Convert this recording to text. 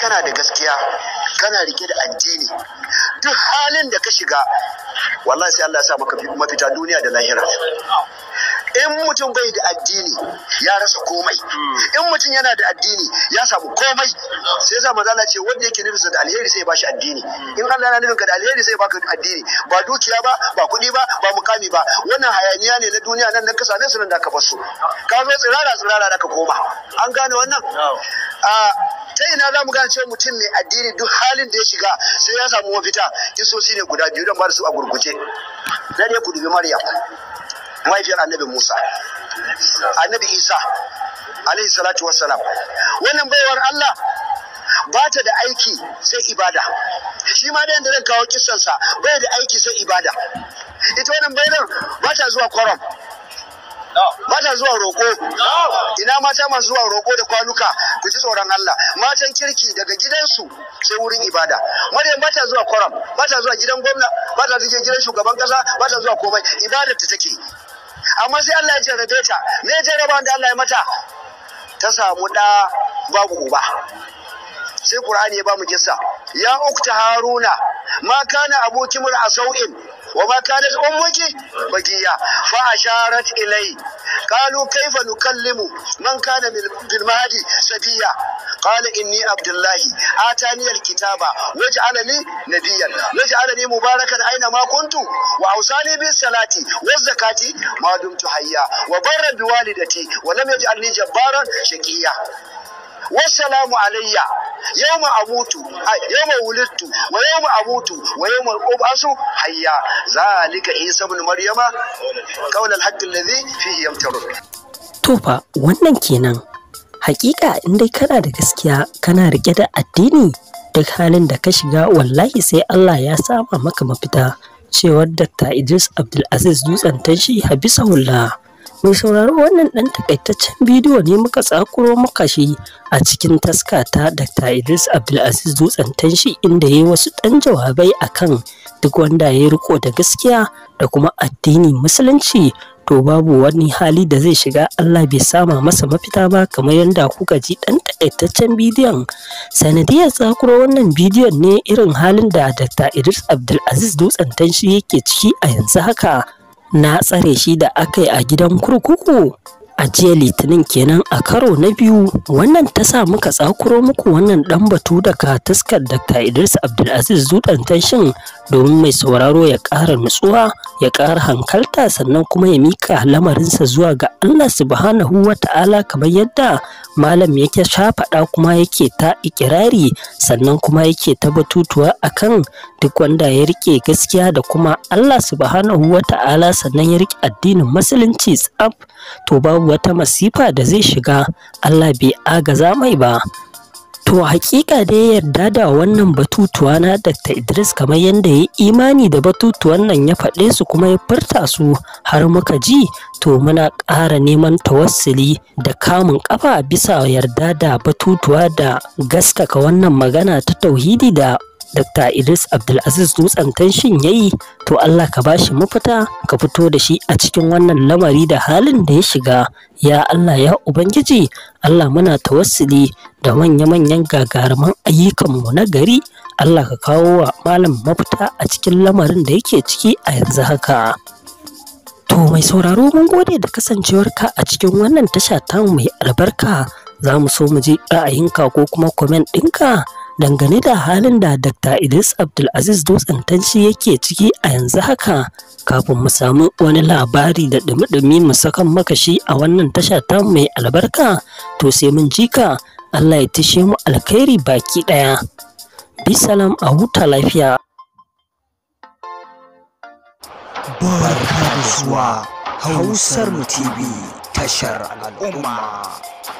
kana da gaskiya kana rike da addini duk halin da ka shiga wallahi sai Allah ya sa maka mafita duniya da lahira in mutum bai da addini ya rasa komai in mutum yana da addini ya samu komai sai sa manzala ce wanda yake nufin da alheri sai ya bashi addini in Allah yana nufin ka da alheri sai ya baka addini ba dukiya ba ba kuɗi ba ba mukami ba wannan hayaniya ne na duniya nan na kasa ne su nan da ka basu ka zo tsirara tsirara da ka koma an gane wannan ta ina za mu gane cewa mutum mai addini duk halin da ya shiga sai ya samu mafita kisosi ne guda biyu don ba su a gurguje na ne ku dubi maryam mahaifiyar annabi musa annabi isa alaihi salatu wassalam wannan baiwar allah ba ta da aiki sai ibada shi ma da yadda zan kawo kissansa bai da aiki sai ibada ita wannan bainar ba ta zuwa kwaram mata zuwa roko ina mata masu zuwa roko da kwanuka ku ji tsoron Allah matan kirki daga gidansu sai wurin ibada maryam mata zuwa kwaram mata zuwa gidan gwamna mata zuwa gidan shugaban kasa mata zuwa komai ibadar ta take amma sai Allah ya jarrabe ta me jarraba da Allah ya mata ta samu da babu uba sai Qur'ani ya ba mu kissa ya ukta haruna ma kana abuki a sau'in. wa ma kanat ummuki bagiya fa asharat ilai qalu kaifa nukallimu man kana bil mahdi sabiya قال إني عبد الله آتاني الكتاب وجعلني نبيا وجعلني مباركا أينما كنت وأوصاني بالصلاة والزكاة ما دمت حيا وبرا بوالدتي ولم يجعلني جبارا شقيا والسلام علي yawma amutu yawma wulidtu wa yawma amutu wa yawma ubasu hayya zalika isa ibn maryama qawl al-haqq alladhi fihi yamtarun to fa wannan kenan hakika in dai kana da gaskiya kana rike da addini duk halin da ka shiga wallahi sai Allah ya sama maka mafita cewar Dr. Idris Abdulaziz Dutsen tashi Habisa hula Mai sauraro wannan ɗan takaitaccen bidiyo ne muka tsakuro muka shi a cikin taska ta Dr. Idris Abdulaziz Dutsen Tanshi inda ya yi wasu ɗan jawabai akan duk wanda ya riko da gaskiya da kuma addini musulunci to babu wani hali da zai shiga Allah bai sama masa mafita ba kamar yadda kuka ji ɗan takaitaccen bidiyon sanadiyar tsakuro wannan bidiyon ne irin halin da Dr. Idris Abdulaziz Dutsen Tanshi yake ciki a yanzu haka. na tsare shi da aka yi a gidan kurkuku a jiya litinin kenan a karo na biyu wannan ta sa muka tsakuro muku wannan dan batu daga taskar dr idris abdulaziz zuɗantan shin domin mai sauraro ya ƙara nutsuwa ya ƙara hankalta sannan kuma ya mika lamarinsa zuwa ga Allah subhanahu wa ta'ala kamar yadda malam yake shafaɗa kuma yake ta ikirari sannan kuma yake ta batutuwa akan duk wanda ya riƙe gaskiya da kuma Allah subhanahu wa ta'ala sannan ya riƙe addinin musulunci tsaf to babu wata masifa da zai shiga Allah bai agaza mai ba To hakika dai yarda da wannan batutuwa na Dr. Idris kamar yadda ya imani da batutuwan nan ya faɗe su kuma ya furta su har muka ji to muna ƙara neman tawassuli da kamun ƙafa bisa yarda da batutuwa da gaskaka wannan magana ta tauhidi da Dr. Idris Abdulaziz dutsen kanshin yayi to Allah ka bashi mafita ka fito da shi a cikin wannan lamari da halin da ya shiga. Ya Allah ya Ubangiji, Allah muna tawassuli da manya-manyan gagaruman mu na gari. Allah ka kawo wa malam mafita a cikin lamarin da yake ciki a yanzu haka. To mai sauraro mun gode da kasancewarka a cikin wannan tasha ta mai albarka za mu so mu ji ra'ayinka ko kuma comment ɗinka. dangane da halin da Dr. Idris Abdulaziz Dutsen Tanshi yake ciki a yanzu haka kafin mu samu wani labari da dumi-dumi mu sakan makashi a wannan tasha ta mai albarka to sai mun jika Allah ya tishe mu alkhairi baki daya. Bisalam a huta lafiya. Barka da zuwa Hausar TV tashar al'umma.